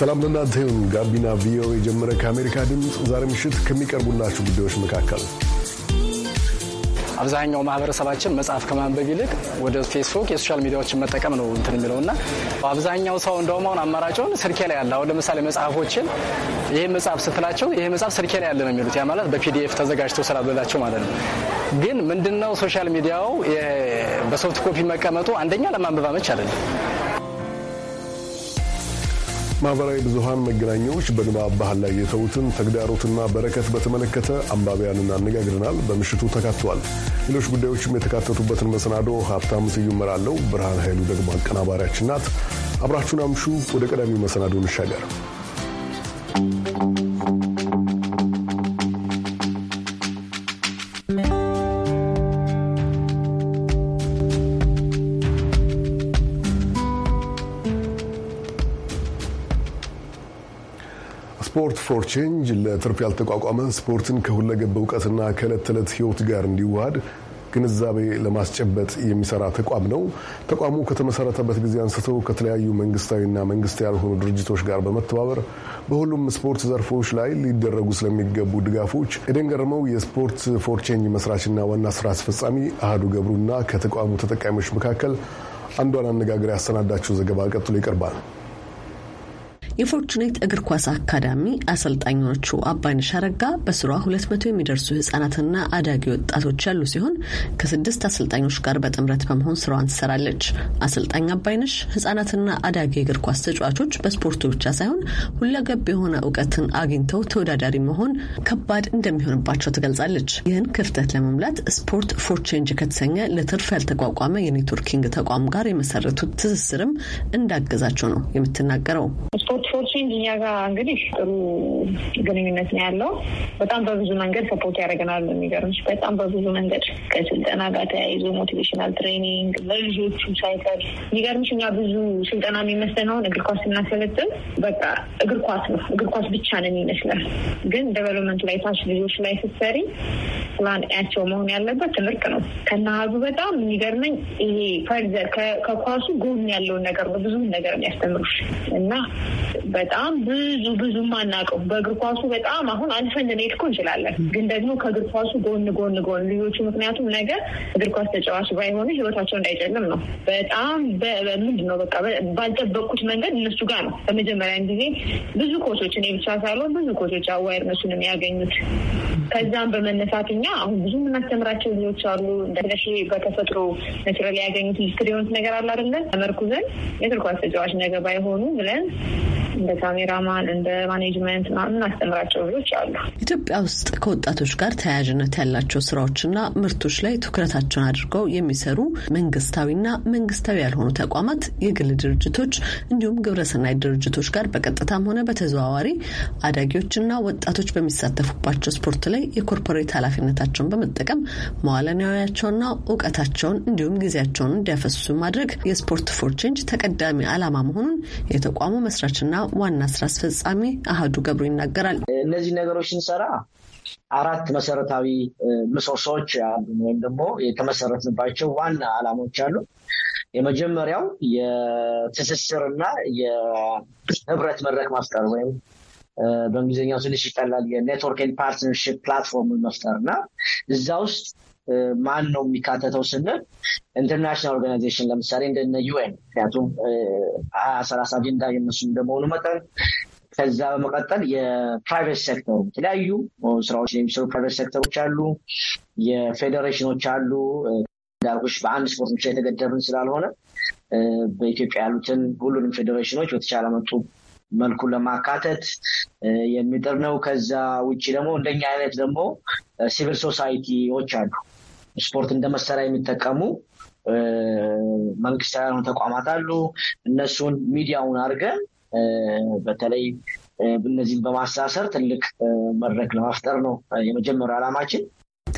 ሰላም ለእናንተ ይሁን። ጋቢና ቪኦኤ የጀመረ ከአሜሪካ ድምፅ ዛሬ ምሽት ከሚቀርቡላችሁ ጉዳዮች መካከል አብዛኛው ማህበረሰባችን መጽሐፍ ከማንበብ ይልቅ ወደ ፌስቡክ የሶሻል ሚዲያዎችን መጠቀም ነው እንትን የሚለው እና አብዛኛው ሰው እንደውም አሁን አማራጭውን ስልኬ ላይ ያለ አሁን ለምሳሌ መጽሐፎችን ይህ መጽሐፍ ስትላቸው ይህ መጽሐፍ ስልኬ ላይ ያለ ነው የሚሉት ያ ማለት በፒዲኤፍ ተዘጋጅቶ ስላላቸው ማለት ነው። ግን ምንድነው ሶሻል ሚዲያው በሶፍት ኮፒ መቀመጡ አንደኛ ለማንበብ አመች አይደለም። ማህበራዊ ብዙሃን መገናኛዎች በንባብ ባህል ላይ የተዉትን ተግዳሮትና በረከት በተመለከተ አንባቢያንን አነጋግረናል። በምሽቱ ተካተዋል። ሌሎች ጉዳዮችም የተካተቱበትን መሰናዶ ሀብታም ስዩም እመራለሁ። ብርሃን ኃይሉ ደግሞ አቀናባሪያችን ናት። አብራችሁን አምሹ። ወደ ቀዳሚው መሰናዶ እንሻገር። ፎር ቼንጅ ለትርፍ ያልተቋቋመ ስፖርትን ከሁለገብ እውቀትና ከዕለት ተዕለት ህይወት ጋር እንዲዋሃድ ግንዛቤ ለማስጨበጥ የሚሰራ ተቋም ነው። ተቋሙ ከተመሰረተበት ጊዜ አንስቶ ከተለያዩ መንግስታዊና መንግስት ያልሆኑ ድርጅቶች ጋር በመተባበር በሁሉም ስፖርት ዘርፎች ላይ ሊደረጉ ስለሚገቡ ድጋፎች ኤደን ገርመው የስፖርት ፎር ቼንጅ መስራችና ዋና ስራ አስፈጻሚ አህዱ ገብሩና ከተቋሙ ተጠቃሚዎች መካከል አንዷን አነጋገር ያሰናዳቸው ዘገባ ቀጥሎ ይቀርባል። የፎርቹኔት እግር ኳስ አካዳሚ አሰልጣኞቹ አባይነሽ አረጋ በስሯ መቶ የሚደርሱ ህጻናትና አዳጊ ወጣቶች ያሉ ሲሆን ከስድስት አሰልጣኞች ጋር በጥምረት በመሆን ስራዋን ትሰራለች። አሰልጣኝ አባይነሽ ህጻናትና አዳጊ እግር ኳስ ተጫዋቾች በስፖርቱ ብቻ ሳይሆን ሁለገብ የሆነ እውቀትን አግኝተው ተወዳዳሪ መሆን ከባድ እንደሚሆንባቸው ትገልጻለች። ይህን ክፍተት ለመሙላት ስፖርት ፎር ቼንጅ ከተሰኘ ለትርፍ ያልተቋቋመ የኔትወርኪንግ ተቋም ጋር የመሰረቱት ትስስርም እንዳገዛቸው ነው የምትናገረው። ስፖርት ፎር እኛ ጋር እንግዲህ ጥሩ ግንኙነት ነው ያለው። በጣም በብዙ መንገድ ሰፖርት ያደርገናል። የሚገርምሽ በጣም በብዙ መንገድ ከስልጠና ጋር ተያይዞ ሞቲቬሽናል ትሬኒንግ ለልጆቹ ሳይቀር የሚገርምሽ እኛ ብዙ ስልጠና የሚመስለነውን እግር ኳስ ስናሰለጥን በቃ እግር ኳስ ነው እግር ኳስ ብቻ ነው ይመስላል። ግን ዴቨሎፕመንት ላይ ታች ልጆች ላይ ስትሰሪ ፕላን ያቸው መሆን ያለበት ትምህርት ነው። ከናሀዙ በጣም የሚገርመኝ ይሄ ፈርዘር ከኳሱ ጎን ያለውን ነገር ነው ብዙ ነገር የሚያስተምሩሽ እና በጣም ብዙ ብዙ ማናቀው በእግር ኳሱ በጣም አሁን አልፈን እኮ እንችላለን፣ ግን ደግሞ ከእግር ኳሱ ጎን ጎን ጎን ልጆቹ ምክንያቱም ነገር እግር ኳስ ተጫዋች ባይሆኑ ህይወታቸው እንዳይጨልም ነው። በጣም ምንድን ነው በቃ ባልጠበቅኩት መንገድ እነሱ ጋር ነው በመጀመሪያን ጊዜ ብዙ ኮሶች እኔ ብቻ ሳልሆን ብዙ ኮሶች አዋይር አዋይርነሱን የሚያገኙት ከዛም በመነሳት እኛ አሁን ብዙ የምናስተምራቸው ልጆች አሉ። እንደነሽ በተፈጥሮ ነትረ ያገኙት ሊስትር የሆኑት ነገር አለ አይደለም ተመርኩዘን የእግር ኳስ ተጫዋች ነገ ባይሆኑ ብለን እንደ ካሜራማን፣ እንደ ማኔጅመንት እናስተምራቸው ልጆች አሉ። ኢትዮጵያ ውስጥ ከወጣቶች ጋር ተያያዥነት ያላቸው ስራዎችና ምርቶች ላይ ትኩረታቸውን አድርገው የሚሰሩ መንግስታዊና መንግስታዊ ያልሆኑ ተቋማት፣ የግል ድርጅቶች እንዲሁም ግብረሰናይ ድርጅቶች ጋር በቀጥታም ሆነ በተዘዋዋሪ አዳጊዎችና ወጣቶች በሚሳተፉባቸው ስፖርት ላይ የኮርፖሬት ኃላፊነታቸውን በመጠቀም መዋለ ንዋያቸውንና እውቀታቸውን እንዲሁም ጊዜያቸውን እንዲያፈሱ ማድረግ የስፖርት ፎር ቼንጅ ተቀዳሚ ዓላማ መሆኑን የተቋሙ መስራችና ዋና ስራ አስፈጻሚ አህዱ ገብሩ ይናገራል። እነዚህ ነገሮች ስንሰራ አራት መሰረታዊ ምሰሶዎች አሉ፣ ወይም ደግሞ የተመሰረትንባቸው ዋና አላማዎች አሉ። የመጀመሪያው የትስስርና የህብረት መድረክ መፍጠር ወይም በእንግሊዝኛው ትንሽ ይቀላል የኔትወርክ ፓርትነርሽፕ ፕላትፎርምን መፍጠር እና እዛ ውስጥ ማን ነው የሚካተተው ስንል ኢንተርናሽናል ኦርጋናይዜሽን ለምሳሌ እንደነ ዩኤን ምክንያቱም ሀያ ሰላሳ አጀንዳ የነሱ እንደመሆኑ መጠን ከዛ በመቀጠል የፕራይቬት ሴክተሩ የተለያዩ ስራዎች የሚሰሩ ፕራይቬት ሴክተሮች አሉ፣ የፌዴሬሽኖች አሉ። ዳርጎች በአንድ ስፖርት ብቻ የተገደብን ስላልሆነ በኢትዮጵያ ያሉትን ሁሉንም ፌዴሬሽኖች በተቻለ መጡ መልኩ ለማካተት የሚጥር ነው። ከዛ ውጭ ደግሞ እንደኛ አይነት ደግሞ ሲቪል ሶሳይቲዎች አሉ። ስፖርት እንደ መሳሪያ የሚጠቀሙ መንግስታዊ ያልሆኑ ተቋማት አሉ። እነሱን ሚዲያውን አድርገን በተለይ እነዚህን በማሳሰር ትልቅ መድረክ ለመፍጠር ነው የመጀመሪያ ዓላማችን።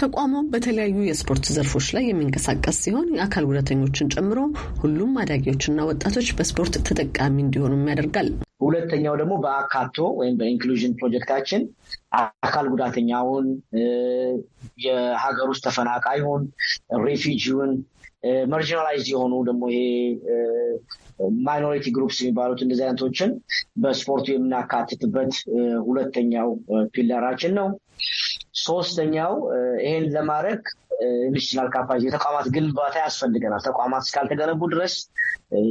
ተቋሙ በተለያዩ የስፖርት ዘርፎች ላይ የሚንቀሳቀስ ሲሆን የአካል ጉዳተኞችን ጨምሮ ሁሉም አዳጊዎችና ወጣቶች በስፖርት ተጠቃሚ እንዲሆኑም ያደርጋል። ሁለተኛው ደግሞ በአካቶ ወይም በኢንክሉዥን ፕሮጀክታችን አካል ጉዳተኛውን፣ የሀገር ውስጥ ተፈናቃዩን፣ ሬፊጂውን፣ መርጂናላይዝ የሆኑ ደግሞ ይሄ ማይኖሪቲ ግሩፕስ የሚባሉት እንደዚህ አይነቶችን በስፖርቱ የምናካትትበት ሁለተኛው ፒለራችን ነው። ሶስተኛው ይሄን ለማድረግ ኢንስቲቱሽናል ካፓሲቲ የተቋማት ግንባታ ያስፈልገናል። ተቋማት እስካልተገነቡ ድረስ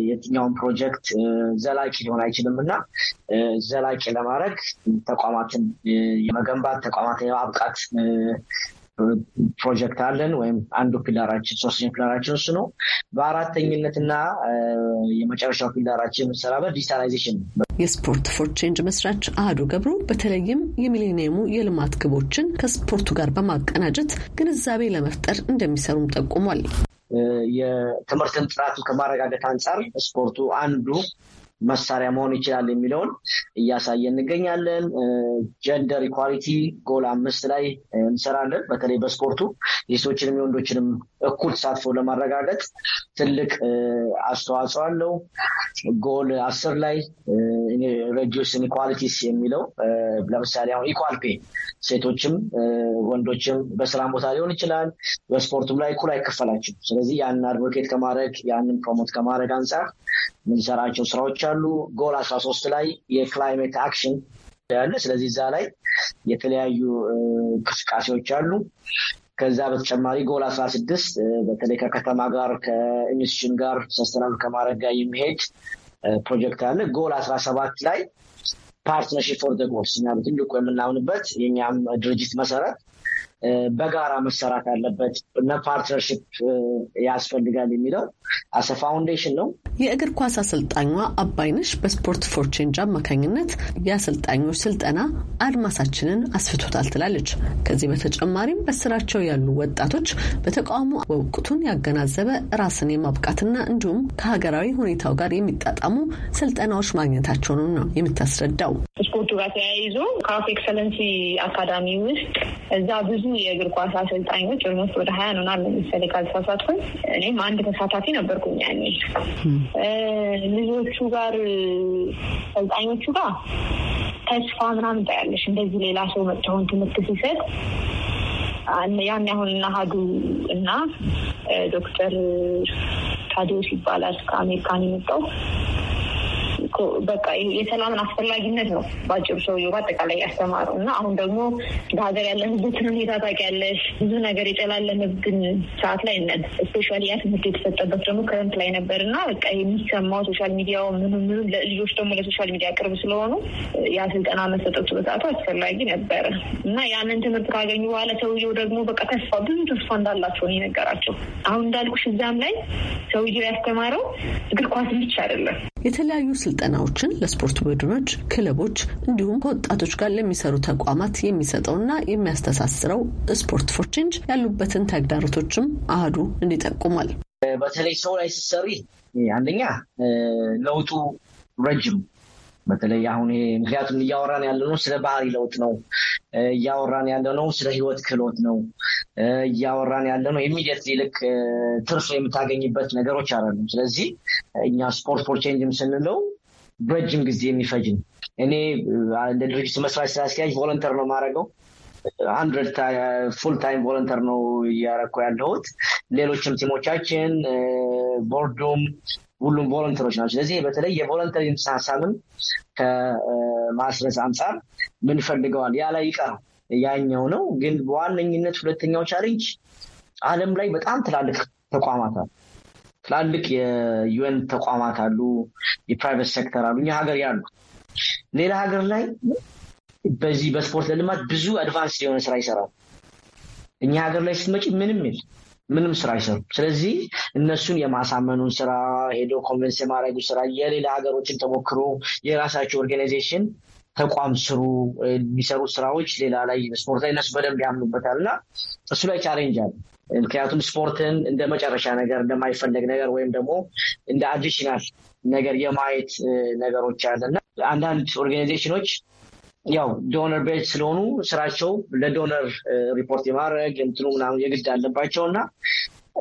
የትኛውን ፕሮጀክት ዘላቂ ሊሆን አይችልም እና ዘላቂ ለማድረግ ተቋማትን የመገንባት ተቋማትን የማብቃት ፕሮጀክት አለን ወይም አንዱ ፒላራችን ሶስተኛ ፒላራችን እሱ ነው። በአራተኝነትና የመጨረሻው ፒላራችን የምንሰራበት ዲጂታላይዜሽን የስፖርት ፎር ቼንጅ መስራች አህዱ ገብሩ በተለይም የሚሌኒየሙ የልማት ግቦችን ከስፖርቱ ጋር በማቀናጀት ግንዛቤ ለመፍጠር እንደሚሰሩም ጠቁሟል። የትምህርትን ጥራቱ ከማረጋገጥ አንጻር ስፖርቱ አንዱ መሳሪያ መሆን ይችላል የሚለውን እያሳየ እንገኛለን። ጀንደር ኢኳሊቲ ጎል አምስት ላይ እንሰራለን። በተለይ በስፖርቱ የሴቶችንም የወንዶችንም እኩል ተሳትፎ ለማረጋገጥ ትልቅ አስተዋጽኦ አለው። ጎል አስር ላይ ሬዲዩስን ኢኳሊቲስ የሚለው ለምሳሌ አሁን ኢኳል ፔ ሴቶችም ወንዶችም በስራ ቦታ ሊሆን ይችላል፣ በስፖርቱም ላይ እኩል አይከፈላቸው። ስለዚህ ያንን አድቮኬት ከማድረግ ያንን ፕሮሞት ከማድረግ አንጻር የምንሰራቸው ስራዎች አሉ። ጎል አስራ ሶስት ላይ የክላይሜት አክሽን ያለ ስለዚህ እዛ ላይ የተለያዩ እንቅስቃሴዎች አሉ። ከዛ በተጨማሪ ጎል አስራ ስድስት በተለይ ከከተማ ጋር ከኢንስቲቱሽን ጋር ሰስተናል ከማድረግ ጋር የሚሄድ ፕሮጀክት አለ። ጎል አስራ ሰባት ላይ ፓርትነርሺፕ ፎር ደ ጎልስ እኛ በትልቁ የምናምንበት የኛም ድርጅት መሰረት በጋራ መሰራት አለበት እና ያስፈልጋል የሚለው አሰ ፋውንዴሽን ነው። የእግር ኳስ አሰልጣኟ አባይነሽ በስፖርት ፎር ቼንጅ አማካኝነት የአሰልጣኞች ስልጠና አድማሳችንን አስፍቶታል ትላለች። ከዚህ በተጨማሪም በስራቸው ያሉ ወጣቶች በተቃውሞ ወቅቱን ያገናዘበ ራስን የማብቃትና እንዲሁም ከሀገራዊ ሁኔታው ጋር የሚጣጣሙ ስልጠናዎች ማግኘታቸውንም ነው የምታስረዳው። ስፖርቱ ጋር ተያይዞ ካፍ ኤክሰለንሲ አካዳሚ ውስጥ እዛ ብዙ የእግር ኳስ አሰልጣኞች ኦልሞስት ወደ ሀያ ነው ነውና ለምሳሌ ካልተሳሳትኩኝ እኔም አንድ ተሳታፊ ነበርኩኝ ያኔ ልጆቹ ጋር ሰልጣኞቹ ጋር ተስፋ ምናምን ታያለሽ። እንደዚህ ሌላ ሰው መጥተውን ትምህርት ሲሰጥ ያን ያሁን ናሀዱ እና ዶክተር ታዲዮስ ይባላል ከአሜሪካን የመጣው በቃ የሰላምን አስፈላጊነት ነው በአጭሩ ሰውዬው በአጠቃላይ ያስተማረው እና አሁን ደግሞ በሀገር ያለንበትን ሁኔታ ታውቂያለሽ። ብዙ ነገር የጨላለመብን ሰዓት ላይ ነን። ስፔሻሊ ያ ትምህርት የተሰጠበት ደግሞ ክረምት ላይ ነበር እና በቃ የሚሰማው ሶሻል ሚዲያው ምኑ ምኑ ልጆች ደግሞ ለሶሻል ሚዲያ ቅርብ ስለሆኑ ያ ስልጠና መሰጠቱ በሰዓቱ አስፈላጊ ነበረ እና ያንን ትምህርት ካገኙ በኋላ ሰውየው ደግሞ በቃ ተስፋ ብዙ ተስፋ እንዳላቸው ነው የነገራቸው። አሁን እንዳልኩሽ እዛም ላይ ሰውየው ያስተማረው እግር ኳስ ብቻ አይደለም የተለያዩ ስልጠናዎችን ለስፖርት ቡድኖች፣ ክለቦች እንዲሁም ከወጣቶች ጋር ለሚሰሩ ተቋማት የሚሰጠውና የሚያስተሳስረው ስፖርት ፎር ቼንጅ ያሉበትን ተግዳሮቶችም አህዱ እንዲጠቁሟል። በተለይ ሰው ላይ ስትሰሪ አንደኛ ለውጡ ረጅም በተለይ አሁን ምክንያቱም እያወራን ያለ ነው ስለ ባህሪ ለውጥ ነው፣ እያወራን ያለ ነው ስለ ህይወት ክህሎት ነው፣ እያወራን ያለ ነው ኢሚዲየት ይልቅ ትርፍ የምታገኝበት ነገሮች አይደሉም። ስለዚህ እኛ ስፖርት ፎር ቼንጅም ስንለው በረጅም ጊዜ የሚፈጅ ነው። እኔ እንደ ድርጅቱ መስራች ስራ አስኪያጅ ቮለንተር ነው የማደርገው ሀንድረድ ፉል ታይም ቮለንተር ነው እያረኩ ያለሁት። ሌሎችም ቲሞቻችን ቦርዱም ሁሉም ቮለንተሮች ናቸው። ስለዚህ በተለይ የቮለንተሪ ሀሳብን ከማስረጽ አንጻር ምን ፈልገዋል ያ ላይ ይቀር ያኛው ነው። ግን በዋነኝነት ሁለተኛው ቻሌንጅ ዓለም ላይ በጣም ትላልቅ ተቋማት አሉ። ትላልቅ የዩኤን ተቋማት አሉ፣ የፕራይቬት ሴክተር አሉ፣ እኛ ሀገር ያሉ ሌላ ሀገር ላይ በዚህ በስፖርት ለልማት ብዙ አድቫንስ የሆነ ስራ ይሰራል። እኛ ሀገር ላይ ስትመጪ ምንም ይል ምንም ስራ አይሰሩም። ስለዚህ እነሱን የማሳመኑን ስራ ሄዶ ኮንቨንስ የማድረጉ ስራ የሌላ ሀገሮችን ተሞክሮ የራሳቸው ኦርጋናይዜሽን ተቋም ስሩ የሚሰሩ ስራዎች ሌላ ላይ ስፖርት ላይ እነሱ በደንብ ያምኑበታል እና እሱ ላይ ቻሌንጅ አለ። ምክንያቱም ስፖርትን እንደ መጨረሻ ነገር እንደማይፈለግ ነገር ወይም ደግሞ እንደ አዲሽናል ነገር የማየት ነገሮች አለ እና አንዳንድ ኦርጋናይዜሽኖች ያው ዶነር ቤት ስለሆኑ ስራቸው ለዶነር ሪፖርት የማድረግ እንትኑ ምናምን የግድ አለባቸው እና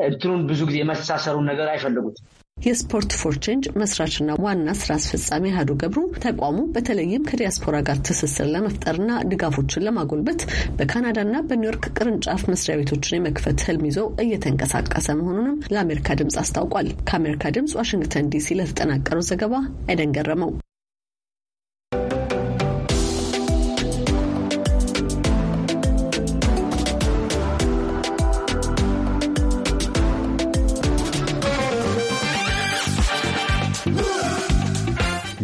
እንትኑን ብዙ ጊዜ መተሳሰሩን ነገር አይፈልጉት። የስፖርት ፎር ቼንጅ መስራችና ዋና ስራ አስፈጻሚ አህዱ ገብሩ ተቋሙ በተለይም ከዲያስፖራ ጋር ትስስር ለመፍጠርና ድጋፎችን ለማጎልበት በካናዳና በኒውዮርክ ቅርንጫፍ መስሪያ ቤቶችን የመክፈት ህልም ይዘው እየተንቀሳቀሰ መሆኑንም ለአሜሪካ ድምፅ አስታውቋል። ከአሜሪካ ድምፅ ዋሽንግተን ዲሲ ለተጠናቀረው ዘገባ አይደን ገረመው።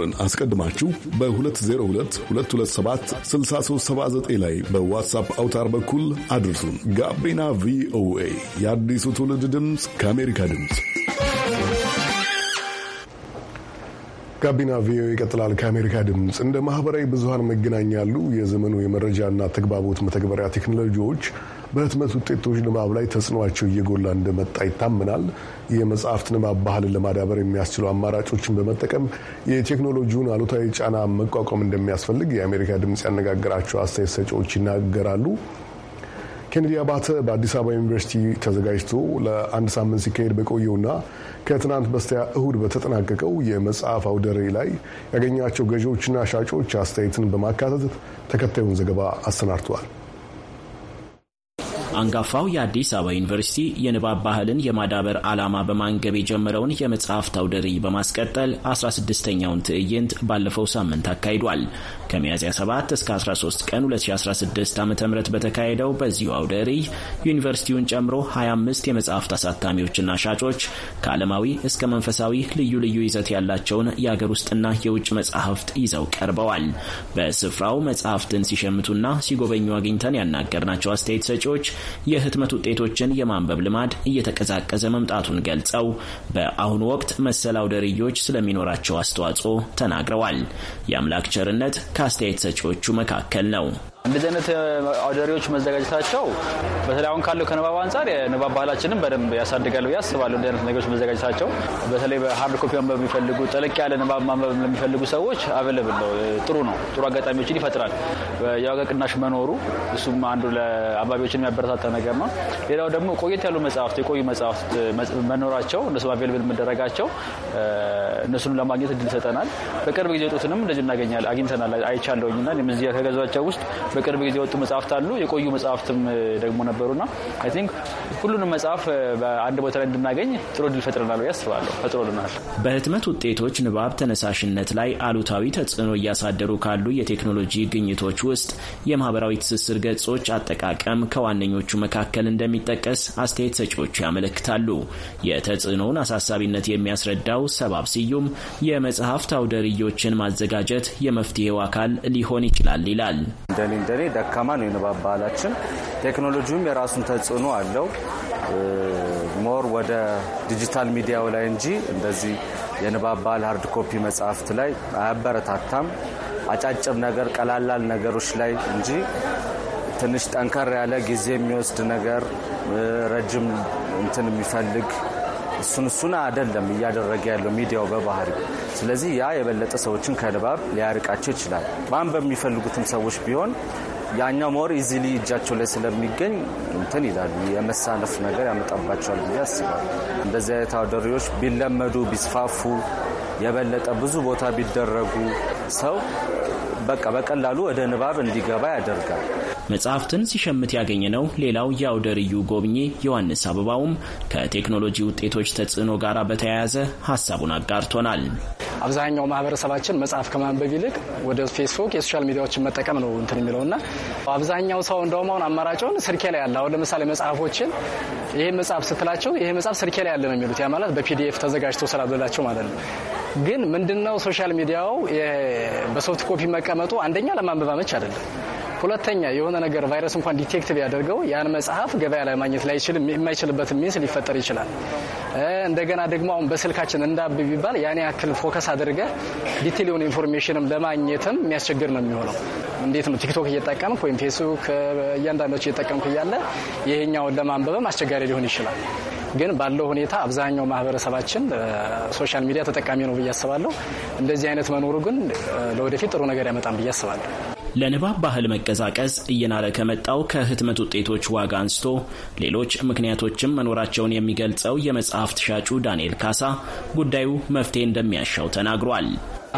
ቁጥርን አስቀድማችሁ በ 6379 ላይ በዋትሳፕ አውታር በኩል አድርሱን። ጋቢና ቪኦኤ የአዲሱ ትውልድ ድምፅ ከአሜሪካ ድምፅ። ጋቢና ቪኦኤ ይቀጥላል። ከአሜሪካ ድምፅ እንደ ማህበራዊ ብዙሀን መገናኛ ያሉ የዘመኑ የመረጃና ተግባቦት መተግበሪያ ቴክኖሎጂዎች በህትመት ውጤቶች ንባብ ላይ ተጽዕኖቸው እየጎላ እንደመጣ ይታመናል። የመጽሐፍት ንባብ ባህልን ለማዳበር የሚያስችሉ አማራጮችን በመጠቀም የቴክኖሎጂውን አሉታዊ ጫና መቋቋም እንደሚያስፈልግ የአሜሪካ ድምፅ ያነጋገራቸው አስተያየት ሰጪዎች ይናገራሉ። ኬኔዲ አባተ በአዲስ አበባ ዩኒቨርሲቲ ተዘጋጅቶ ለአንድ ሳምንት ሲካሄድ በቆየውና ከትናንት በስቲያ እሁድ በተጠናቀቀው የመጽሐፍ አውደ ርዕይ ላይ ያገኛቸው ገዢዎችና ሻጮች አስተያየትን በማካተት ተከታዩን ዘገባ አሰናድተዋል። አንጋፋው የአዲስ አበባ ዩኒቨርሲቲ የንባብ ባህልን የማዳበር ዓላማ በማንገብ የጀመረውን የመጽሐፍት አውደ ርዕይ በማስቀጠል 16ኛውን ትዕይንት ባለፈው ሳምንት አካሂዷል። ከሚያዝያ 7 እስከ 13 ቀን 2016 ዓ ም በተካሄደው በዚሁ አውደ ርዕይ ዩኒቨርሲቲውን ጨምሮ 25 የመጽሐፍት አሳታሚዎችና ሻጮች ከዓለማዊ እስከ መንፈሳዊ ልዩ ልዩ ይዘት ያላቸውን የአገር ውስጥና የውጭ መጽሐፍት ይዘው ቀርበዋል። በስፍራው መጽሐፍትን ሲሸምቱና ሲጎበኙ አግኝተን ያናገርናቸው አስተያየት ሰጪዎች የህትመት ውጤቶችን የማንበብ ልማድ እየተቀዛቀዘ መምጣቱን ገልጸው በአሁኑ ወቅት መሰል አውደ ስለሚኖራቸው አስተዋጽኦ ተናግረዋል። የአምላክ ቸርነት ከአስተያየት ሰጪዎቹ መካከል ነው። እንደዚህ አይነት አውደሪዎች መዘጋጀታቸው በተለይ አሁን ካለው ከንባብ አንጻር የንባብ ባህላችንም በደንብ ያሳድጋል ብዬ አስባለሁ። እንደዚህ አይነት ነገሮች መዘጋጀታቸው በተለይ በሀርድ ኮፒ ማንበብ የሚፈልጉ ጠለቅ ያለ ንባብ ማንበብ ለሚፈልጉ ሰዎች አበለብል ነው። ጥሩ ነው። ጥሩ አጋጣሚዎችን ይፈጥራል። የዋጋ ቅናሽ መኖሩ እሱም አንዱ ለአንባቢዎችን የሚያበረታተ ነገር ነው። ሌላው ደግሞ ቆየት ያሉ መጽሐፍት የቆዩ መጽሐፍት መኖራቸው እነሱ አቬለብል መደረጋቸው እነሱን ለማግኘት እድል ይሰጠናል። በቅርብ ጊዜ ወጡትንም እንደዚህ እናገኛል አግኝተናል አይቻለሁኝና ከገዛቸው ውስጥ በቅርብ ጊዜ የወጡ መጽሐፍት አሉ። የቆዩ መጽሐፍትም ደግሞ ነበሩና አይ ቲንክ ሁሉንም መጽሐፍ በአንድ ቦታ ላይ እንድናገኝ ጥሩ ድል ፈጥረናል ብዬ አስባለሁ። ፈጥሮልናል። በህትመት ውጤቶች ንባብ ተነሳሽነት ላይ አሉታዊ ተጽዕኖ እያሳደሩ ካሉ የቴክኖሎጂ ግኝቶች ውስጥ የማህበራዊ ትስስር ገጾች አጠቃቀም ከዋነኞቹ መካከል እንደሚጠቀስ አስተያየት ሰጪዎቹ ያመለክታሉ። የተጽዕኖውን አሳሳቢነት የሚያስረዳው ሰባብ ስዩም የመጽሐፍት አውደርዮችን ማዘጋጀት የመፍትሄው አካል ሊሆን ይችላል ይላል። እንደኔ እንደኔ ደካማ ነው የንባብ ባህላችን። ቴክኖሎጂውም የራሱን ተጽዕኖ አለው። ሞር ወደ ዲጂታል ሚዲያው ላይ እንጂ እንደዚህ የንባብ ባህል ሀርድ ኮፒ መጽሐፍት ላይ አያበረታታም። አጫጭር ነገር ቀላላል ነገሮች ላይ እንጂ ትንሽ ጠንከር ያለ ጊዜ የሚወስድ ነገር ረጅም እንትን የሚፈልግ እሱን እሱን አይደለም እያደረገ ያለው ሚዲያው በባህሪው። ስለዚህ ያ የበለጠ ሰዎችን ከንባብ ሊያርቃቸው ይችላል። ማን የሚፈልጉትም ሰዎች ቢሆን ያኛው ሞር ኢዚሊ እጃቸው ላይ ስለሚገኝ እንትን ይላሉ። የመሳነፍ ነገር ያመጣባቸዋል ብዬ አስባለሁ። እንደዚህ አይነት አውደሪዎች ቢለመዱ ቢስፋፉ የበለጠ ብዙ ቦታ ቢደረጉ ሰው በቃ በቀላሉ ወደ ንባብ እንዲገባ ያደርጋል። መጽሐፍትን ሲሸምት ያገኘ ነው ሌላው የአውደ ርዕዩ ጎብኚ ዮሐንስ አበባውም ከቴክኖሎጂ ውጤቶች ተጽዕኖ ጋር በተያያዘ ሀሳቡን አጋርቶናል። አብዛኛው ማህበረሰባችን መጽሐፍ ከማንበብ ይልቅ ወደ ፌስቡክ የሶሻል ሚዲያዎችን መጠቀም ነው እንትን የሚለውና አብዛኛው ሰው እንደውም አሁን አማራጭውን ስልኬ ላይ ያለ አሁን ለምሳሌ መጽሐፎችን ይህ መጽሐፍ ስትላቸው ይህ መጽሐፍ ስልኬ ላይ ያለ ነው የሚሉት ያ ማለት በፒዲኤፍ ተዘጋጅቶ ስላሉላቸው ማለት ነው ግን ምንድነው ሶሻል ሚዲያው በሶፍት ኮፒ መቀመጡ አንደኛ ለማንበብ አመች አይደለም። ሁለተኛ የሆነ ነገር ቫይረስ እንኳን ዲቴክት ቢያደርገው ያን መጽሐፍ ገበያ ላይ ማግኘት የማይችልበት ሚንስ ሊፈጠር ይችላል። እንደገና ደግሞ አሁን በስልካችን እንዳብ ቢባል ያን ያክል ፎከስ አድርገ ዲቴል የሆነ ኢንፎርሜሽንም ለማግኘትም የሚያስቸግር ነው የሚሆነው። እንዴት ነው ቲክቶክ እየጠቀምክ ወይም ፌስቡክ እያንዳንዳቸው እየጠቀምክ እያለ ይሄኛውን ለማንበብም አስቸጋሪ ሊሆን ይችላል። ግን ባለው ሁኔታ አብዛኛው ማህበረሰባችን ሶሻል ሚዲያ ተጠቃሚ ነው ብዬ አስባለሁ። እንደዚህ አይነት መኖሩ ግን ለወደፊት ጥሩ ነገር ያመጣም ብዬ አስባለሁ። ለንባብ ባህል መቀዛቀዝ እየናረ ከመጣው ከህትመት ውጤቶች ዋጋ አንስቶ ሌሎች ምክንያቶችም መኖራቸውን የሚገልጸው የመጽሐፍት ሻጩ ዳንኤል ካሳ ጉዳዩ መፍትሄ እንደሚያሻው ተናግሯል።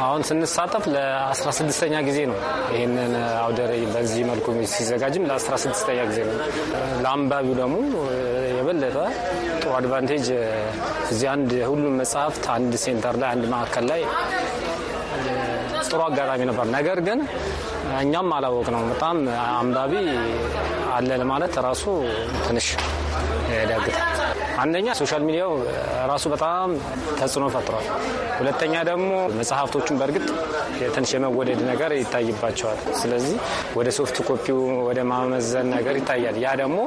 አሁን ስንሳተፍ ለ16ኛ ጊዜ ነው። ይህንን አውደ ርዕይ በዚህ መልኩ ሲዘጋጅም ለ16ኛ ጊዜ ነው። ለአንባቢው ደግሞ የበለጠ ጥሩ አድቫንቴጅ እዚህ አንድ ሁሉም መጽሐፍት አንድ ሴንተር ላይ አንድ ማዕከል ላይ ጥሩ አጋጣሚ ነበር። ነገር ግን እኛም አላወቅ ነው በጣም አንባቢ አለ ለማለት ራሱ ትንሽ ያዳግታል። አንደኛ ሶሻል ሚዲያው ራሱ በጣም ተጽዕኖ ፈጥሯል። ሁለተኛ ደግሞ መጽሐፍቶቹን በእርግጥ ትንሽ የመወደድ ነገር ይታይባቸዋል። ስለዚህ ወደ ሶፍት ኮፒው ወደ ማመዘን ነገር ይታያል። ያ ደግሞ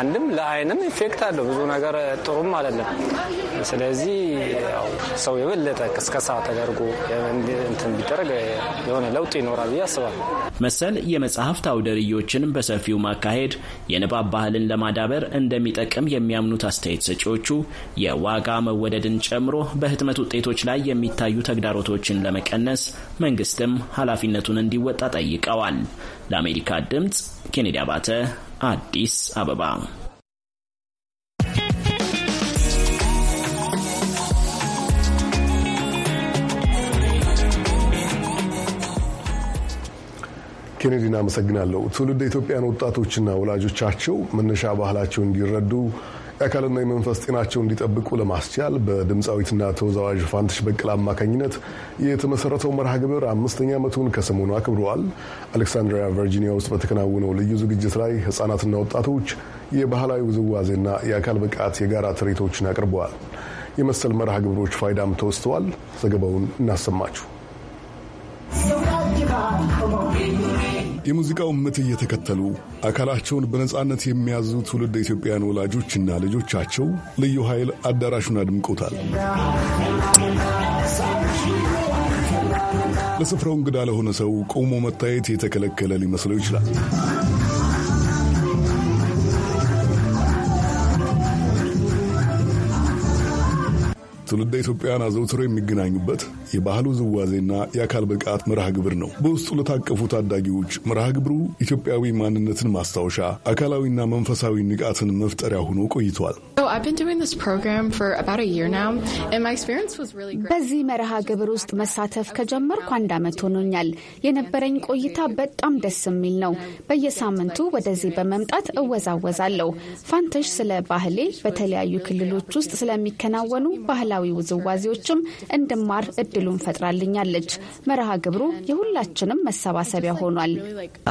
አንድም ለአይንም ኢፌክት አለው፣ ብዙ ነገር ጥሩም አይደለም። ስለዚህ ሰው የበለጠ ቅስቀሳ ተደርጎ እንትን ቢደረግ የሆነ ለውጥ ይኖራል ብዬ አስባለሁ። መሰል የመጽሐፍት አውደርዮችን በሰፊው ማካሄድ የንባብ ባህልን ለማዳበር እንደሚጠቅም የሚያምኑት አስተያየት ሰጪዎቹ የዋጋ መወደድን ጨምሮ በህትመት ውጤቶች ላይ የሚታዩ ተግዳሮቶችን ለመቀነስ መንግስትም ኃላፊነቱን እንዲወጣ ጠይቀዋል። ለአሜሪካ ድምፅ ኬኔዲ አባተ አዲስ አበባ ኬኔዲን አመሰግናለሁ። ትውልድ ኢትዮጵያን ወጣቶችና ወላጆቻቸው መነሻ ባህላቸው እንዲረዱ የአካልና የመንፈስ ጤናቸው እንዲጠብቁ ለማስቻል በድምፃዊትና ተወዛዋዥ ፋንትሽ በቀለ አማካኝነት የተመሰረተው መርሃ ግብር አምስተኛ ዓመቱን ከሰሞኑ አክብረዋል። አሌክሳንድሪያ ቨርጂኒያ ውስጥ በተከናወነው ልዩ ዝግጅት ላይ ህጻናትና ወጣቶች የባህላዊ ውዝዋዜና የአካል ብቃት የጋራ ትርኢቶችን አቅርበዋል። የመሰል መርሃ ግብሮች ፋይዳም ተወስተዋል። ዘገባውን እናሰማችሁ። የሙዚቃው ምት እየተከተሉ አካላቸውን በነፃነት የሚያዙ ትውልድ ወላጆች ወላጆችና ልጆቻቸው ልዩ ኃይል አዳራሹን አድምቆታል። ለስፍራው እንግዳ ለሆነ ሰው ቆሞ መታየት የተከለከለ ሊመስለው ይችላል። ትውልደ ኢትዮጵያን አዘውትረው የሚገናኙበት የባህል ውዝዋዜና የአካል ብቃት መርሃ ግብር ነው። በውስጡ ለታቀፉ ታዳጊዎች መርሃ ግብሩ ኢትዮጵያዊ ማንነትን ማስታወሻ፣ አካላዊና መንፈሳዊ ንቃትን መፍጠሪያ ሆኖ ቆይቷል። በዚህ መርሃ ግብር ውስጥ መሳተፍ ከጀመርኩ አንድ ዓመት ሆኖኛል። የነበረኝ ቆይታ በጣም ደስ የሚል ነው። በየሳምንቱ ወደዚህ በመምጣት እወዛወዛለሁ። ፋንተሽ ስለ ባህሌ፣ በተለያዩ ክልሎች ውስጥ ስለሚከናወኑ ባህላዊ ባህላዊ ውዝዋዜዎችም እንድማር እድሉን ፈጥራልኛለች። መርሃ ግብሩ የሁላችንም መሰባሰቢያ ሆኗል። uh,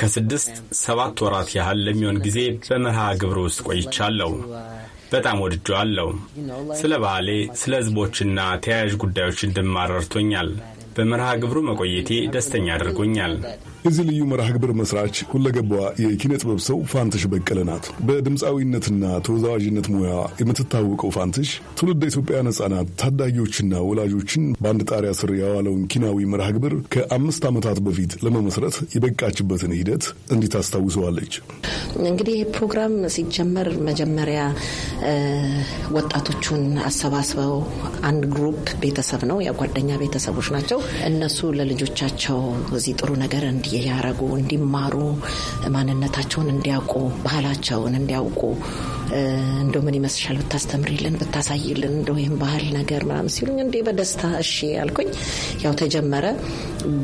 ከስድስት ሰባት ወራት ያህል ለሚሆን ጊዜ በመርሃ ግብሩ ውስጥ ቆይቻለሁ። በጣም ወድጄዋለሁ። ስለ ባህሌ፣ ስለ ህዝቦችና ተያያዥ ጉዳዮች እንድማር ረድቶኛል። በመርሃ ግብሩ መቆየቴ ደስተኛ አድርጎኛል። የዚህ ልዩ መርሃ ግብር መስራች ሁለገቧ የኪነ ጥበብ ሰው ፋንትሽ በቀለ ናት። በድምፃዊነትና ተወዛዋዥነት ሙያ የምትታወቀው ፋንትሽ ትውልድ ኢትዮጵያውያን ሕጻናት ታዳጊዎችና ወላጆችን በአንድ ጣሪያ ስር ያዋለውን ኪናዊ መርሃ ግብር ከአምስት ዓመታት በፊት ለመመስረት የበቃችበትን ሂደት እንዲት አስታውሰዋለች። እንግዲህ ይህ ፕሮግራም ሲጀመር መጀመሪያ ወጣቶቹን አሰባስበው አንድ ግሩፕ ቤተሰብ ነው የጓደኛ ቤተሰቦች ናቸው እነሱ ለልጆቻቸው እዚህ ጥሩ ነገር እንዲያረጉ እንዲማሩ፣ ማንነታቸውን እንዲያውቁ፣ ባህላቸውን እንዲያውቁ እንደ ምን ይመስልሻል ብታስተምሪልን ብታሳይልን እንደ ወይም ባህል ነገር ምናምን ሲሉኝ እንዴ በደስታ እሺ ያልኩኝ። ያው ተጀመረ።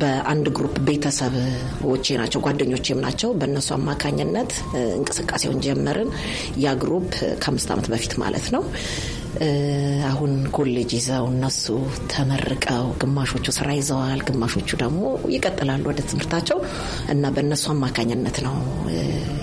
በአንድ ግሩፕ ቤተሰቦቼ ናቸው ጓደኞቼም ናቸው። በእነሱ አማካኝነት እንቅስቃሴውን ጀመርን። ያ ግሩፕ ከአምስት ዓመት በፊት ማለት ነው። አሁን ኮሌጅ ይዘው እነሱ ተመርቀው ግማሾቹ ስራ ይዘዋል፣ ግማሾቹ ደግሞ ይቀጥላሉ ወደ ትምህርታቸው እና በእነሱ አማካኝነት ነው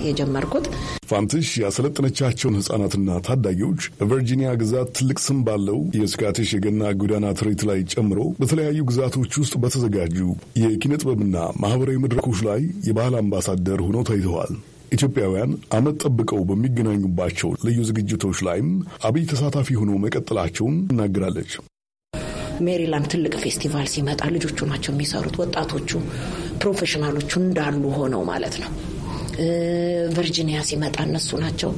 የጀመርኩት። ፋንትሽ ያሰለጠነቻቸውን ህጻናትና ታዳጊዎች በቨርጂኒያ ግዛት ትልቅ ስም ባለው የስካቲሽ የገና ጎዳና ትርኢት ላይ ጨምሮ በተለያዩ ግዛቶች ውስጥ በተዘጋጁ የኪነ ጥበብና ማህበራዊ መድረኮች ላይ የባህል አምባሳደር ሆነው ታይተዋል። ኢትዮጵያውያን ዓመት ጠብቀው በሚገናኙባቸው ልዩ ዝግጅቶች ላይም አብይ ተሳታፊ ሆኖ መቀጠላቸውን ትናገራለች። ሜሪላንድ ትልቅ ፌስቲቫል ሲመጣ ልጆቹ ናቸው የሚሰሩት፣ ወጣቶቹ ፕሮፌሽናሎቹ እንዳሉ ሆነው ማለት ነው። ቨርጂኒያ ሲመጣ እነሱ ናቸው፣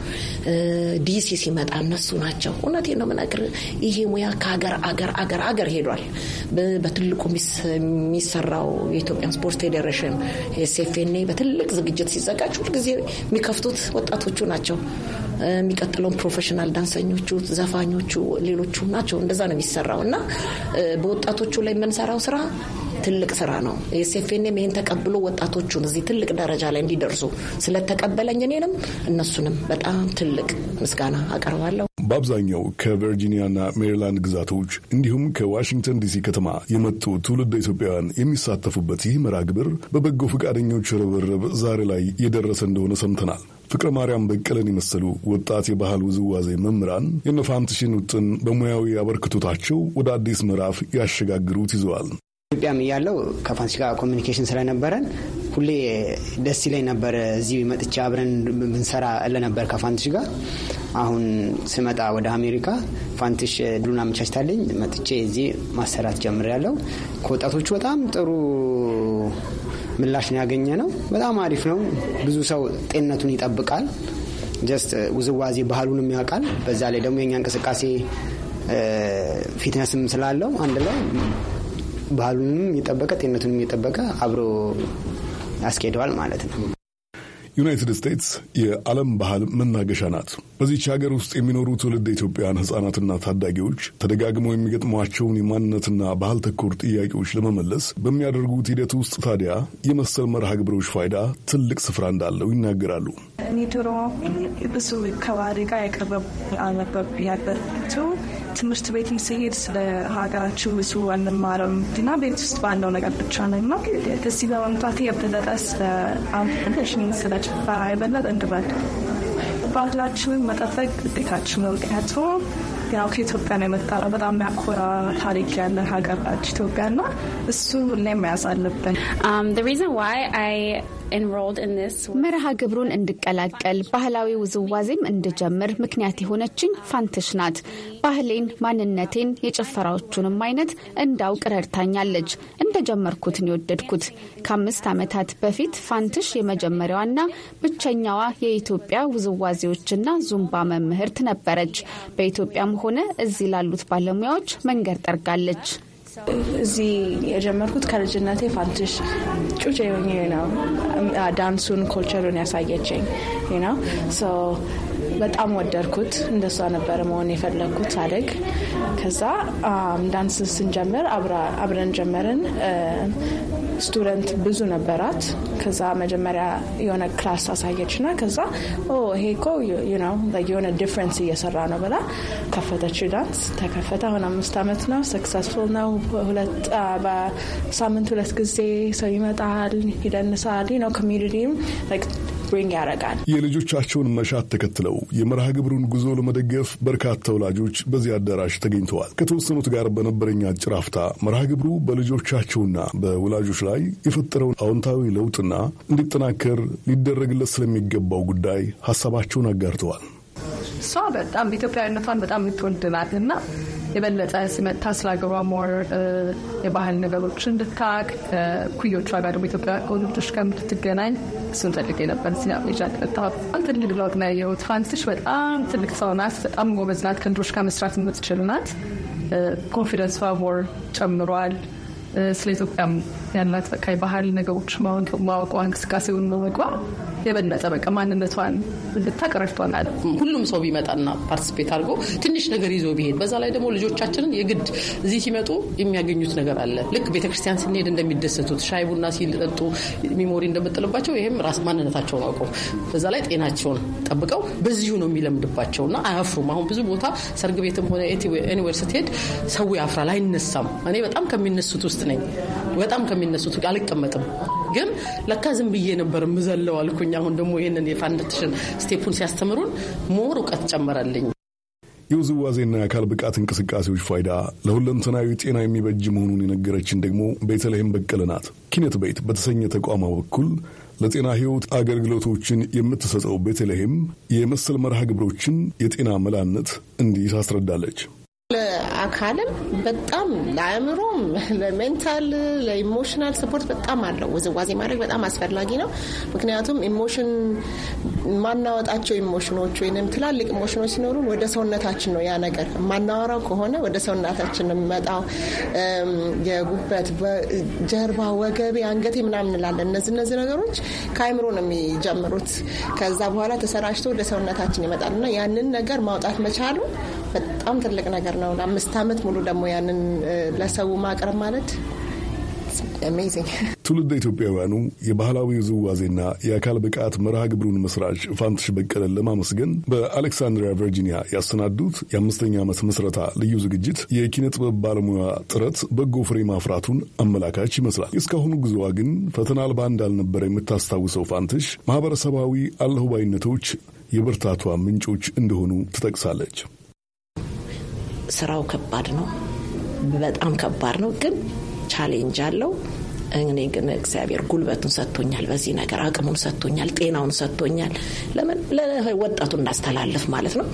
ዲሲ ሲመጣ እነሱ ናቸው። እውነቴ ነው ምነግር ይሄ ሙያ ከሀገር አገር አገር አገር ሄዷል። በትልቁ የሚሰራው የኢትዮጵያን ስፖርት ፌዴሬሽን ሴፌኔ በትልቅ ዝግጅት ሲዘጋጅ ሁልጊዜ የሚከፍቱት ወጣቶቹ ናቸው። የሚቀጥለውን ፕሮፌሽናል ዳንሰኞቹ፣ ዘፋኞቹ፣ ሌሎቹ ናቸው። እንደዛ ነው የሚሰራው እና በወጣቶቹ ላይ የምንሰራው ስራ ትልቅ ስራ ነው። ሴፌኔም ይህን ተቀብሎ ወጣቶቹን እዚህ ትልቅ ደረጃ ላይ እንዲደርሱ ስለተቀበለኝ እኔንም እነሱንም በጣም ትልቅ ምስጋና አቀርባለሁ። በአብዛኛው ከቨርጂኒያና ሜሪላንድ ግዛቶች እንዲሁም ከዋሽንግተን ዲሲ ከተማ የመጡ ትውልድ ኢትዮጵያውያን የሚሳተፉበት ይህ መርሃ ግብር በበጎ ፈቃደኞች ርብርብ ዛሬ ላይ የደረሰ እንደሆነ ሰምተናል። ፍቅረ ማርያም በቀለን የመሰሉ ወጣት የባህል ውዝዋዜ መምህራን የነፋምትሽን ውጥን በሙያዊ አበርክቶታቸው ወደ አዲስ ምዕራፍ ያሸጋግሩት ይዘዋል። ኢትዮጵያም እያለው ከፋንሲ ጋር ኮሚኒኬሽን ስለነበረን ሁሌ ደስ ይለኝ ነበር። እዚህ መጥቼ አብረን ብንሰራ ለነበር ከፋንትሽ ጋር። አሁን ስመጣ ወደ አሜሪካ ፋንትሽ ድሉን አመቻችታለኝ መጥቼ እዚህ ማሰራት ጀምር ያለው ከወጣቶቹ በጣም ጥሩ ምላሽ ነው ያገኘ ነው። በጣም አሪፍ ነው። ብዙ ሰው ጤንነቱን ይጠብቃል። ጀስት ውዝዋዜ ባህሉንም ያውቃል። በዛ ላይ ደግሞ የኛ እንቅስቃሴ ፊትነስም ስላለው አንድ ላይ ባህሉንም የጠበቀ ጤንነቱንም የጠበቀ አብሮ ያስኬደዋል ማለት ነው። ዩናይትድ ስቴትስ የዓለም ባህል መናገሻ ናት። በዚች ሀገር ውስጥ የሚኖሩ ትውልድ ኢትዮጵያውያን ሕጻናትና ታዳጊዎች ተደጋግመው የሚገጥሟቸውን የማንነትና ባህል ተኮር ጥያቄዎች ለመመለስ በሚያደርጉት ሂደት ውስጥ ታዲያ የመሰል መርሃ ግብሮች ፋይዳ ትልቅ ስፍራ እንዳለው ይናገራሉ። እኔ ድሮ ብዙ ከባህሪ ጋር የቅርብ አልነበርኩም። ትምህርት ቤትም ሲሄድ ስለ ሀገራችን ብዙ አንማርም እና ቤት ውስጥ ባለው ነገር ብቻ ነው እና እዚህ በመምጣት የበለጠ ስለ አንሽን ስለ ጭፈራ የበለጠ እንድበል ባህላችንን መጠበቅ ግዴታችን ነው። ምክንያቱም ያው ከኢትዮጵያ ነው የመጣነው። በጣም የሚያኮራ ታሪክ ያለን ሀገራችን ኢትዮጵያ እና እሱ ላይ መያዝ አለብን። um, መርሃ ግብሩን እንድቀላቀል ባህላዊ ውዝዋዜም እንድጀምር ምክንያት የሆነችኝ ፋንትሽ ናት። ባህሌን፣ ማንነቴን፣ የጭፈራዎቹንም አይነት እንዳውቅ ረድታኛለች። እንደጀመርኩትን የወደድኩት ከአምስት ዓመታት በፊት ፋንትሽ የመጀመሪያዋና ብቸኛዋ የኢትዮጵያ ውዝዋዜዎችና ዙምባ መምህርት ነበረች። በኢትዮጵያም ሆነ እዚህ ላሉት ባለሙያዎች መንገድ ጠርጋለች። እዚህ የጀመርኩት ከልጅነቴ ፋንትሽ ጩጭ ጩጬ ዳንሱን ኮልቸሩን ያሳየችኝ ነው በጣም ወደድኩት። እንደሷ ነበረ መሆን የፈለግኩት አደግ። ከዛ ዳንስ ስንጀምር አብረን ጀመርን። ስቱደንት ብዙ ነበራት። ከዛ መጀመሪያ የሆነ ክላስ አሳየች ና ከዛ ይሄ ኮ የሆነ ዲፍረንስ እየሰራ ነው ብላ ከፈተች። ዳንስ ተከፈተ። አሁን አምስት አመት ነው። ሰክሰስፉል ነው። በሳምንት ሁለት ጊዜ ሰው ይመጣል፣ ይደንሳል ነው ኮሚኒቲም ብሪንግ ያደርጋል። የልጆቻቸውን መሻት ተከትለው የመርሃ ግብሩን ጉዞ ለመደገፍ በርካታ ወላጆች በዚህ አዳራሽ ተገኝተዋል። ከተወሰኑት ጋር በነበረኝ አጭር አፍታ መርሃ ግብሩ በልጆቻቸውና በወላጆች ላይ የፈጠረውን አዎንታዊ ለውጥና እንዲጠናከር ሊደረግለት ስለሚገባው ጉዳይ ሀሳባቸውን አጋርተዋል። እሷ በጣም ኢትዮጵያዊነቷን በጣም የምትወድ ናት እና የበለጠ ሲመጣ ስለ ሀገሯ ሞር የባህል ነገሮች እንድታቅ ኩዮቿ ጋር ደግሞ ኢትዮጵያ ልጆች ጋር እንድትገናኝ እሱን ፈልጌ ነበር። ትልቅ ለውጥ ነው ያየሁት። ፋንስሽ በጣም ትልቅ ሰው ናት። በጣም ጎበዝ ናት። ከልጆች ጋር መስራት የምትችል ናት። ኮንፊደንስ ፋቮር ጨምሯል። ስለ ኢትዮጵያም ያላት በቃ የባህል ነገሮች ማወቋ እንቅስቃሴውን መግባ የበለጠ በቃ ማንነቷን ልታቀረፍቷል። ሁሉም ሰው ቢመጣና ፓርቲስፔት አድርጎ ትንሽ ነገር ይዞ ቢሄድ፣ በዛ ላይ ደግሞ ልጆቻችንን የግድ እዚህ ሲመጡ የሚያገኙት ነገር አለ። ልክ ቤተክርስቲያን ስንሄድ እንደሚደሰቱት ሻይ ቡና ሲጠጡ ሚሞሪ እንደምጥልባቸው ይህም ራስ ማንነታቸውን አውቀው በዛ ላይ ጤናቸውን ጠብቀው በዚሁ ነው የሚለምድባቸው የሚለምድባቸውና አያፍሩም። አሁን ብዙ ቦታ ሰርግ ቤትም ሆነ ኤኒዌር ስትሄድ ሰው ያፍራል፣ አይነሳም። እኔ በጣም ከሚነሱት ውስጥ ነኝ። በጣም ከሚነሱት አልቀመጥም። ግን ለካ ዝም ብዬ ነበር ምዘለው አልኩኝ። አሁን ደግሞ ይህንን የፋንድትሽን ስቴፑን ሲያስተምሩን ሞር እውቀት ጨመረልኝ። የውዝዋዜና የአካል ብቃት እንቅስቃሴዎች ፋይዳ ለሁለንተናዊ ጤና የሚበጅ መሆኑን የነገረችን ደግሞ ቤተልሔም በቀለ ናት። ኪነት ቤት በተሰኘ ተቋማ በኩል ለጤና ሕይወት አገልግሎቶችን የምትሰጠው ቤተልሔም የመሰል መርሃ ግብሮችን የጤና መላነት እንዲህ አስረዳለች ለአካልም በጣም ለአእምሮም፣ ለሜንታል ለኢሞሽናል ስፖርት በጣም አለው። ውዝዋዜ ማድረግ በጣም አስፈላጊ ነው። ምክንያቱም ኢሞሽን ማናወጣቸው ኢሞሽኖች ወይም ትላልቅ ኢሞሽኖች ሲኖሩ ወደ ሰውነታችን ነው ያ ነገር ማናወራው ከሆነ ወደ ሰውነታችን የሚመጣው። የጉበት፣ ጀርባ፣ ወገቤ፣ አንገቴ ምናምን እንላለን። እነዚህ እነዚህ ነገሮች ከአእምሮ ነው የሚጀምሩት። ከዛ በኋላ ተሰራጭቶ ወደ ሰውነታችን ይመጣል እና ያንን ነገር ማውጣት መቻሉ በጣም ትልቅ ነገር ነው። አምስት ዓመት ሙሉ ደግሞ ያንን ለሰው ማቅረብ ማለት ትውልድ ኢትዮጵያውያኑ የባህላዊ ውዝዋዜና የአካል ብቃት መርሃ ግብሩን መስራች ፋንትሽ በቀለን ለማመስገን በአሌክሳንድሪያ ቨርጂኒያ ያሰናዱት የአምስተኛ ዓመት ምስረታ ልዩ ዝግጅት የኪነ ጥበብ ባለሙያ ጥረት በጎ ፍሬ ማፍራቱን አመላካች ይመስላል። እስካሁኑ ጉዞዋ ግን ፈተና አልባ እንዳልነበረ የምታስታውሰው ፋንትሽ ማህበረሰባዊ አለሁባይነቶች የብርታቷ ምንጮች እንደሆኑ ትጠቅሳለች። ስራው ከባድ ነው፣ በጣም ከባድ ነው፣ ግን ቻሌንጅ አለው። እኔ ግን እግዚአብሔር ጉልበቱን ሰጥቶኛል፣ በዚህ ነገር አቅሙን ሰጥቶኛል፣ ጤናውን ሰጥቶኛል። ለምን ለወጣቱ እንዳስተላልፍ ማለት ነው።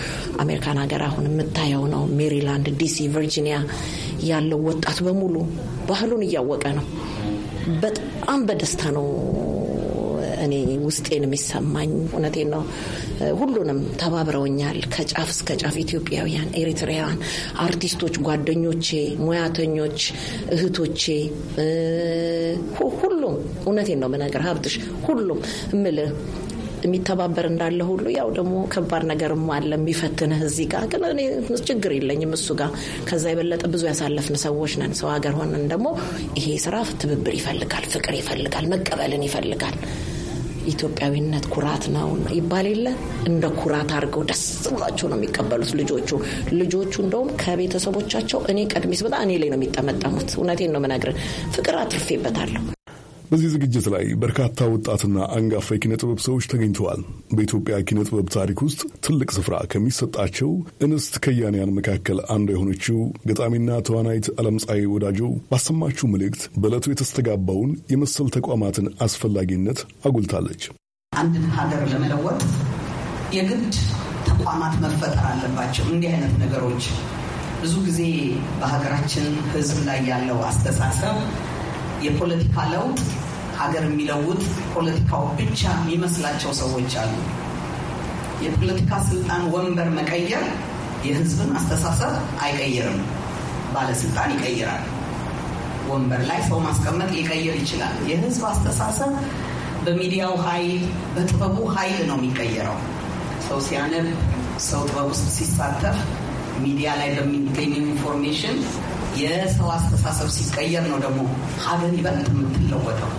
አሜሪካን ሀገር አሁን የምታየው ነው። ሜሪላንድ፣ ዲሲ፣ ቨርጂኒያ ያለው ወጣት በሙሉ ባህሉን እያወቀ ነው። በጣም በደስታ ነው እኔ ውስጤን የሚሰማኝ እውነቴን ነው። ሁሉንም ተባብረውኛል ከጫፍ እስከ ጫፍ ኢትዮጵያውያን፣ ኤሪትሪያውያን፣ አርቲስቶች፣ ጓደኞቼ፣ ሙያተኞች፣ እህቶቼ ሁሉም እውነቴን ነው የምነግርህ ሀብትሽ ሁሉም እምልህ የሚተባበር እንዳለ ሁሉ ያው ደግሞ ከባድ ነገርም አለ የሚፈትንህ። እዚህ ጋር ግን እኔ ችግር የለኝም እሱ ጋር ከዛ የበለጠ ብዙ ያሳለፍን ሰዎች ነን። ሰው ሀገር ሆነን ደግሞ ይሄ ስራ ትብብር ይፈልጋል፣ ፍቅር ይፈልጋል፣ መቀበልን ይፈልጋል። ኢትዮጵያዊነት ኩራት ነው ይባል የለ እንደ ኩራት አድርገው ደስ ብሏቸው ነው የሚቀበሉት ልጆቹ። ልጆቹ እንደውም ከቤተሰቦቻቸው እኔ ቀድሜ ስመጣ እኔ ላይ ነው የሚጠመጠሙት። እውነቴን ነው የምነግርህ፣ ፍቅር አትርፌበታለሁ። በዚህ ዝግጅት ላይ በርካታ ወጣትና አንጋፋ የኪነ ጥበብ ሰዎች ተገኝተዋል። በኢትዮጵያ ኪነ ጥበብ ታሪክ ውስጥ ትልቅ ስፍራ ከሚሰጣቸው እንስት ከያንያን መካከል አንዷ የሆነችው ገጣሚና ተዋናይት ዓለምፀሐይ ወዳጆ ባሰማችው መልእክት በዕለቱ የተስተጋባውን የመሰል ተቋማትን አስፈላጊነት አጉልታለች። አንድን ሀገር ለመለወጥ የግድ ተቋማት መፈጠር አለባቸው። እንዲህ አይነት ነገሮች ብዙ ጊዜ በሀገራችን ሕዝብ ላይ ያለው አስተሳሰብ የፖለቲካ ለውጥ ሀገር የሚለውጥ ፖለቲካው ብቻ የሚመስላቸው ሰዎች አሉ። የፖለቲካ ስልጣን ወንበር መቀየር የህዝብን አስተሳሰብ አይቀይርም። ባለስልጣን ይቀይራል። ወንበር ላይ ሰው ማስቀመጥ ሊቀይር ይችላል። የህዝብ አስተሳሰብ በሚዲያው ኃይል፣ በጥበቡ ኃይል ነው የሚቀየረው። ሰው ሲያነብ፣ ሰው ጥበብ ውስጥ ሲሳተፍ፣ ሚዲያ ላይ በሚገኘው ኢንፎርሜሽን የሰው አስተሳሰብ ሲቀየር ነው ደግሞ ሀገር ይበልጥ የምትለወጠው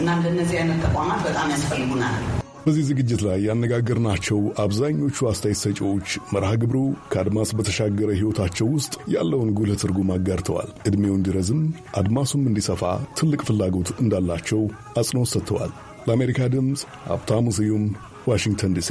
እና እንደነዚህ አይነት ተቋማት በጣም ያስፈልጉናል። በዚህ ዝግጅት ላይ ያነጋገርናቸው አብዛኞቹ አስተያየት ሰጪዎች መርሃ ግብሩ ከአድማስ በተሻገረ ሕይወታቸው ውስጥ ያለውን ጉልህ ትርጉም አጋርተዋል። ዕድሜው እንዲረዝም አድማሱም እንዲሰፋ ትልቅ ፍላጎት እንዳላቸው አጽንኦት ሰጥተዋል። ለአሜሪካ ድምፅ ሀብታሙ ስዩም ዋሽንግተን ዲሲ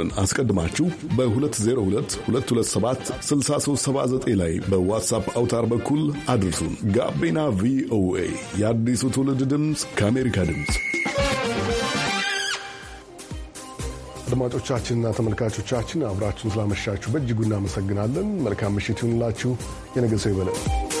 ቁጥርን አስቀድማችሁ በ 6379 ላይ በዋትሳፕ አውታር በኩል አድርሱን። ጋቢና ቪኦኤ የአዲሱ ትውልድ ድምፅ ከአሜሪካ ድምፅ አድማጮቻችንና ተመልካቾቻችን አብራችሁን ስላመሻችሁ በእጅጉ እናመሰግናለን። መልካም ምሽት ይሁንላችሁ። የነገ ሰው ይበለን።